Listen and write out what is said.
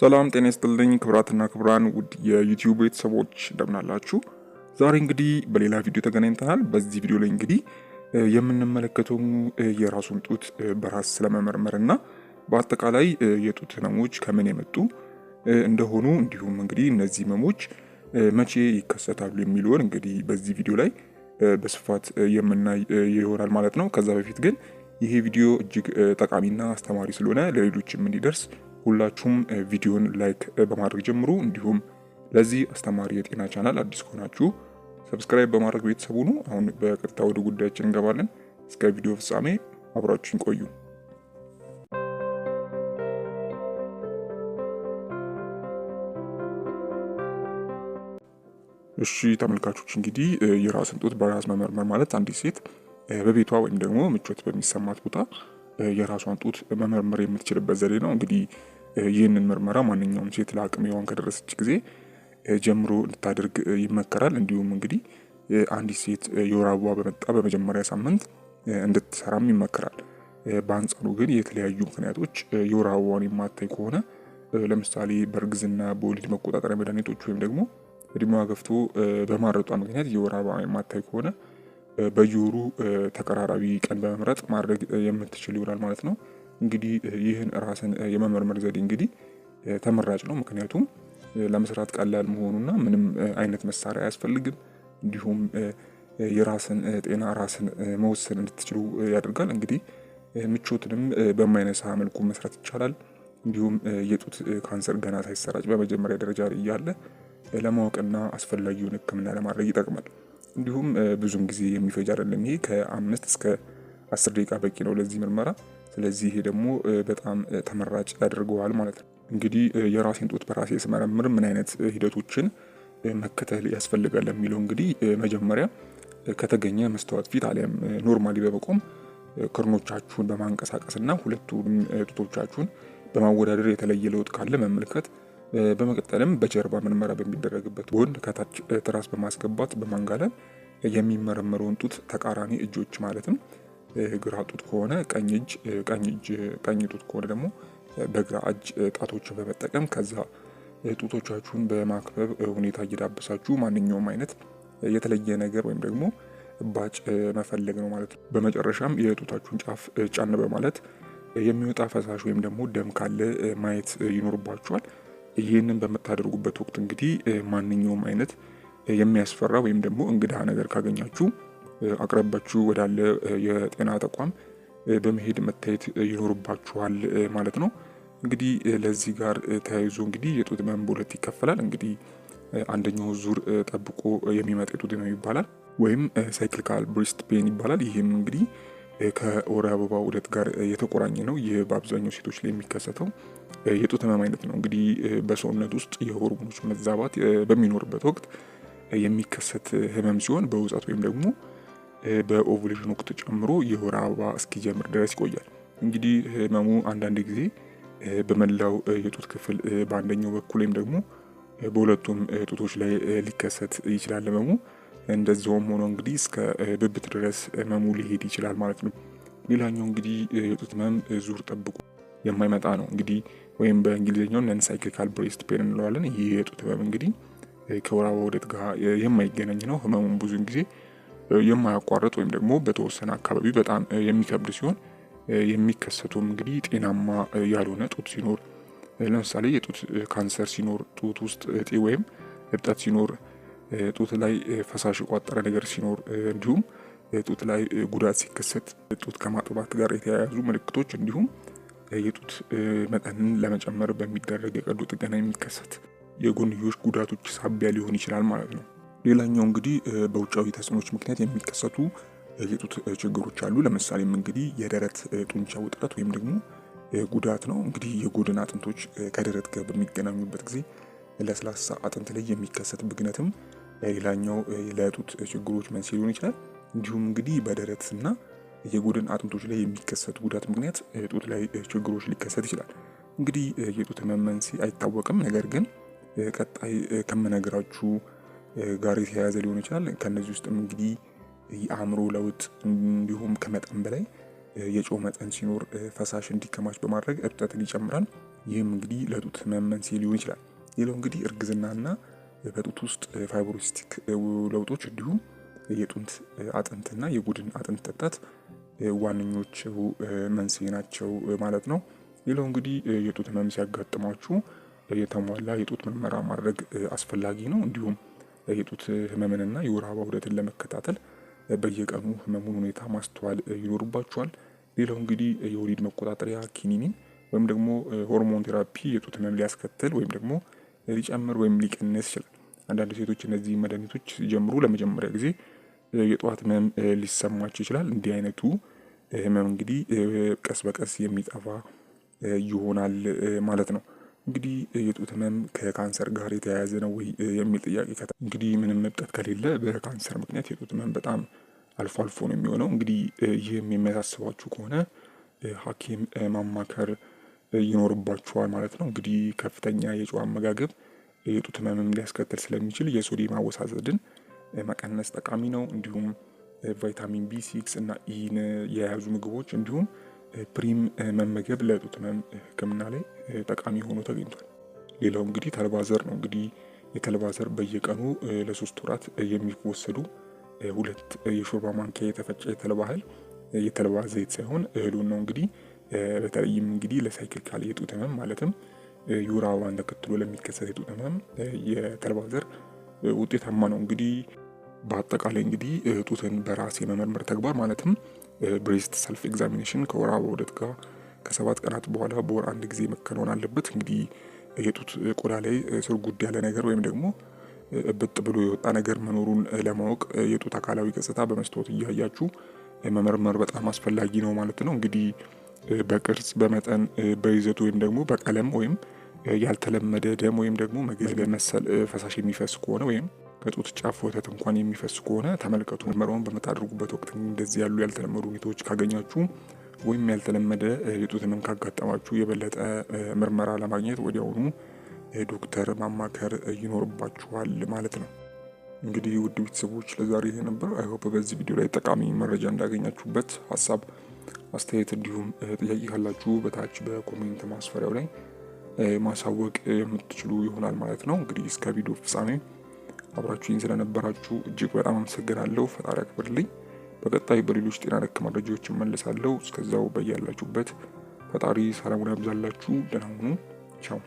ሰላም ጤና ይስጥልኝ ክብራትና ክብራን ውድ የዩቲዩብ ቤተሰቦች እንደምናላችሁ። ዛሬ እንግዲህ በሌላ ቪዲዮ ተገናኝተናል። በዚህ ቪዲዮ ላይ እንግዲህ የምንመለከተው የራሱን ጡት በራስ ስለመመርመርና በአጠቃላይ የጡት ህመሞች ከምን የመጡ እንደሆኑ እንዲሁም እንግዲህ እነዚህ ህመሞች መቼ ይከሰታሉ የሚለውን እንግዲህ በዚህ ቪዲዮ ላይ በስፋት የምናይ ይሆናል ማለት ነው። ከዛ በፊት ግን ይሄ ቪዲዮ እጅግ ጠቃሚና አስተማሪ ስለሆነ ለሌሎችም እንዲደርስ ሁላችሁም ቪዲዮን ላይክ በማድረግ ጀምሩ። እንዲሁም ለዚህ አስተማሪ የጤና ቻናል አዲስ ከሆናችሁ ሰብስክራይብ በማድረግ ቤተሰቡ ነው። አሁን በቀጥታ ወደ ጉዳያችን እንገባለን። እስከ ቪዲዮ ፍጻሜ አብራችሁን ቆዩ። እሺ ተመልካቾች እንግዲህ የራስን ጡት በራስ መመርመር ማለት አንዲት ሴት በቤቷ ወይም ደግሞ ምቾት በሚሰማት ቦታ የራሷን ጡት መመርመር የምትችልበት ዘዴ ነው። እንግዲህ ይህንን ምርመራ ማንኛውም ሴት ለአቅመ ሔዋን ከደረሰች ጊዜ ጀምሮ እንድታደርግ ይመከራል። እንዲሁም እንግዲህ አንዲት ሴት የወር አበባ በመጣ በመጀመሪያ ሳምንት እንድትሰራም ይመከራል። በአንጻሩ ግን የተለያዩ ምክንያቶች የወር አበባዋን የማታይ ከሆነ ለምሳሌ በእርግዝና በወሊድ መቆጣጠሪያ መድኃኒቶች ወይም ደግሞ እድሜዋ ገፍቶ በማረጧ ምክንያት የወር አበባ የማታይ ከሆነ በየወሩ ተቀራራቢ ቀን በመምረጥ ማድረግ የምትችል ይሆናል ማለት ነው። እንግዲህ ይህን ራስን የመመርመር ዘዴ እንግዲህ ተመራጭ ነው። ምክንያቱም ለመስራት ቀላል መሆኑና ምንም አይነት መሳሪያ አያስፈልግም። እንዲሁም የራስን ጤና ራስን መወሰን እንድትችሉ ያደርጋል። እንግዲህ ምቾትንም በማይነሳ መልኩ መስራት ይቻላል። እንዲሁም የጡት ካንሰር ገና ሳይሰራጭ በመጀመሪያ ደረጃ ላይ እያለ ለማወቅና አስፈላጊውን ሕክምና ለማድረግ ይጠቅማል። እንዲሁም ብዙም ጊዜ የሚፈጅ አይደለም። ይሄ ከአምስት እስከ አስር ደቂቃ በቂ ነው ለዚህ ምርመራ። ስለዚህ ይሄ ደግሞ በጣም ተመራጭ ያደርገዋል ማለት ነው። እንግዲህ የራሴን ጡት በራሴ ስመረምር ምን አይነት ሂደቶችን መከተል ያስፈልጋል የሚለው እንግዲህ መጀመሪያ ከተገኘ መስታወት ፊት አሊያም ኖርማሊ በመቆም ክርኖቻችሁን በማንቀሳቀስና ሁለቱ ጡቶቻችሁን በማወዳደር የተለየ ለውጥ ካለ መመልከት። በመቀጠልም በጀርባ ምርመራ በሚደረግበት ጎን ከታች ትራስ በማስገባት በማንጋለ የሚመረመረውን ጡት ተቃራኒ እጆች ማለትም ግራ ጡት ከሆነ ቀኝ እጅ ቀኝ ጡት ከሆነ ደግሞ በግራ እጅ ጣቶችን በመጠቀም ከዛ ጡቶቻችሁን በማክበብ ሁኔታ እየዳበሳችሁ ማንኛውም አይነት የተለየ ነገር ወይም ደግሞ እባጭ መፈለግ ነው ማለት ነው። በመጨረሻም የጡታችሁን ጫፍ ጫን በማለት የሚወጣ ፈሳሽ ወይም ደግሞ ደም ካለ ማየት ይኖርባችኋል። ይህንን በምታደርጉበት ወቅት እንግዲህ ማንኛውም አይነት የሚያስፈራ ወይም ደግሞ እንግዳ ነገር ካገኛችሁ አቅረባችሁ ወዳለ የጤና ተቋም በመሄድ መታየት ይኖርባችኋል ማለት ነው። እንግዲህ ለዚህ ጋር ተያይዞ እንግዲህ የጡት ህመም በሁለት ይከፈላል። እንግዲህ አንደኛው ዙር ጠብቆ የሚመጣ የጡት ህመም ይባላል፣ ወይም ሳይክሊካል ብሪስት ፔን ይባላል። ይህም እንግዲህ ከወር አበባ ዑደት ጋር የተቆራኘ ነው። ይህ በአብዛኛው ሴቶች ላይ የሚከሰተው የጡት ህመም አይነት ነው። እንግዲህ በሰውነት ውስጥ የሆርሞኖች መዛባት በሚኖርበት ወቅት የሚከሰት ህመም ሲሆን በውጻት ወይም ደግሞ በኦቭሌሽን ወቅት ጨምሮ የወር አበባ እስኪጀምር ድረስ ይቆያል። እንግዲህ ህመሙ አንዳንድ ጊዜ በመላው የጡት ክፍል በአንደኛው በኩል ወይም ደግሞ በሁለቱም ጡቶች ላይ ሊከሰት ይችላል ህመሙ። እንደዚውም ሆኖ እንግዲህ እስከ ብብት ድረስ ህመሙ ሊሄድ ይችላል ማለት ነው። ሌላኛው እንግዲህ የጡት ህመም ዙር ጠብቆ የማይመጣ ነው እንግዲህ ወይም በእንግሊዝኛው ነን ሳይክሊካል ብሬስት ፔን እንለዋለን። ይህ የጡት ህመም እንግዲህ ከወር አበባ ዑደት ጋር የማይገናኝ ነው። ህመሙን ብዙን ጊዜ የማያቋርጥ ወይም ደግሞ በተወሰነ አካባቢ በጣም የሚከብድ ሲሆን የሚከሰቱም እንግዲህ ጤናማ ያልሆነ ጡት ሲኖር ለምሳሌ የጡት ካንሰር ሲኖር፣ ጡት ውስጥ እጢ ወይም እብጠት ሲኖር፣ ጡት ላይ ፈሳሽ የቋጠረ ነገር ሲኖር፣ እንዲሁም ጡት ላይ ጉዳት ሲከሰት፣ ጡት ከማጥባት ጋር የተያያዙ ምልክቶች እንዲሁም የጡት መጠንን ለመጨመር በሚደረግ የቀዶ ጥገና የሚከሰት የጎንዮሽ ጉዳቶች ሳቢያ ሊሆን ይችላል ማለት ነው። ሌላኛው እንግዲህ በውጫዊ ተጽዕኖች ምክንያት የሚከሰቱ የጡት ችግሮች አሉ። ለምሳሌም እንግዲህ የደረት ጡንቻ ውጥረት ወይም ደግሞ ጉዳት ነው። እንግዲህ የጎድን አጥንቶች ከደረት ጋር በሚገናኙበት ጊዜ ለስላሳ አጥንት ላይ የሚከሰት ብግነትም ሌላኛው ለጡት ችግሮች መንስኤ ሊሆን ይችላል። እንዲሁም እንግዲህ በደረት እና የጎድን አጥንቶች ላይ የሚከሰት ጉዳት ምክንያት ጡት ላይ ችግሮች ሊከሰት ይችላል። እንግዲህ የጡት ህመም መንስኤ አይታወቅም። ነገር ግን ቀጣይ ከምነግራችሁ ጋር የተያያዘ ሊሆን ይችላል። ከነዚህ ውስጥም እንግዲህ የአእምሮ ለውጥ እንዲሁም ከመጠን በላይ የጨው መጠን ሲኖር ፈሳሽ እንዲከማች በማድረግ እብጠትን ይጨምራል። ይህም እንግዲህ ለጡት ህመም ሊሆን ይችላል። ሌላው እንግዲህ እርግዝናና በጡት ውስጥ ፋይብሮሲስቲክ ለውጦች እንዲሁም የጡንት አጥንትና የጎድን አጥንት እብጠት ዋነኞቹ መንስኤ ናቸው ማለት ነው። ሌላው እንግዲህ የጡት ህመም ሲያጋጥማችሁ የተሟላ የጡት ምርመራ ማድረግ አስፈላጊ ነው። እንዲሁም የጡት ህመምንና የወር አበባ ዑደትን ለመከታተል በየቀኑ ህመሙን ሁኔታ ማስተዋል ይኖርባቸዋል። ሌላው እንግዲህ የወሊድ መቆጣጠሪያ ኪኒኒን ወይም ደግሞ ሆርሞን ቴራፒ የጡት ህመም ሊያስከትል ወይም ደግሞ ሊጨምር ወይም ሊቀንስ ይችላል። አንዳንድ ሴቶች እነዚህ መድኃኒቶች ሲጀምሩ ለመጀመሪያ ጊዜ የጠዋት ህመም ሊሰማቸው ይችላል። እንዲህ አይነቱ ህመም እንግዲህ ቀስ በቀስ የሚጠፋ ይሆናል ማለት ነው። እንግዲህ የጡት ህመም ከካንሰር ጋር የተያያዘ ነው ወይ የሚል ጥያቄ እንግዲህ ምንም መብጠት ከሌለ በካንሰር ምክንያት የጡት ህመም በጣም አልፎ አልፎ ነው የሚሆነው። እንግዲህ ይህም የሚያሳስባችሁ ከሆነ ሀኪም ማማከር ይኖርባችኋል ማለት ነው። እንግዲህ ከፍተኛ የጨው አመጋገብ የጡት ህመምም ሊያስከትል ስለሚችል የሶዲየም አወሳሰድን መቀነስ ጠቃሚ ነው። እንዲሁም ቫይታሚን ቢ ሲክስ እና ኢን የያዙ ምግቦች እንዲሁም ፕሪም መመገብ ለጡት ህመም ህክምና ላይ ጠቃሚ ሆኖ ተገኝቷል። ሌላው እንግዲህ ተልባዘር ነው። እንግዲህ የተልባዘር በየቀኑ ለሶስት ወራት የሚወሰዱ ሁለት የሾርባ ማንኪያ የተፈጨ የተልባ እህል የተልባ ዘይት ሳይሆን እህሉን ነው እንግዲህ በተለይም እንግዲህ ለሳይክሊካል የጡት ህመም ማለትም የወር አበባን ተከትሎ ለሚከሰት የጡት ህመም የተልባዘር ውጤታማ ነው። እንግዲህ በአጠቃላይ እንግዲህ ጡትን በራስ የመመርመር ተግባር ማለትም ብሬስት ሰልፍ ኤግዛሚኔሽን ከወር አበባ ዑደት ጋር ከሰባት ቀናት በኋላ በወር አንድ ጊዜ መከናወን አለበት። እንግዲህ የጡት ቆዳ ላይ ስር ጉድ ያለ ነገር ወይም ደግሞ እብጥ ብሎ የወጣ ነገር መኖሩን ለማወቅ የጡት አካላዊ ገጽታ በመስታወት እያያችሁ መመርመር በጣም አስፈላጊ ነው ማለት ነው። እንግዲህ በቅርጽ በመጠን በይዘቱ ወይም ደግሞ በቀለም ወይም ያልተለመደ ደም ወይም ደግሞ መገዝ በመሰል ፈሳሽ የሚፈስ ከሆነ ወይም ከጡት ጫፍ ወተት እንኳን የሚፈስ ከሆነ ተመልከቱ። ምርመራውን በምታደርጉበት ወቅት እንደዚህ ያሉ ያልተለመዱ ሁኔታዎች ካገኛችሁ ወይም ያልተለመደ የጡት ህመም ካጋጠማችሁ የበለጠ ምርመራ ለማግኘት ወዲያውኑ ዶክተር ማማከር ይኖርባችኋል ማለት ነው። እንግዲህ ውድ ቤተሰቦች ለዛሬ ይሄ ነበር። አይሆፕ በዚህ ቪዲዮ ላይ ጠቃሚ መረጃ እንዳገኛችሁበት። ሀሳብ አስተያየት፣ እንዲሁም ጥያቄ ካላችሁ በታች በኮሜንት ማስፈሪያው ላይ ማሳወቅ የምትችሉ ይሆናል ማለት ነው። እንግዲህ እስከ ቪዲዮ ፍጻሜ አብራችሁኝ ስለነበራችሁ እጅግ በጣም አመሰግናለሁ። ፈጣሪ አክብርልኝ። በቀጣይ በሌሎች ጤና ነክ መረጃዎች እመልሳለሁ። እስከዛው በያላችሁበት ፈጣሪ ሰላሙን ያብዛላችሁ። ደህና ሁኑ። ቻው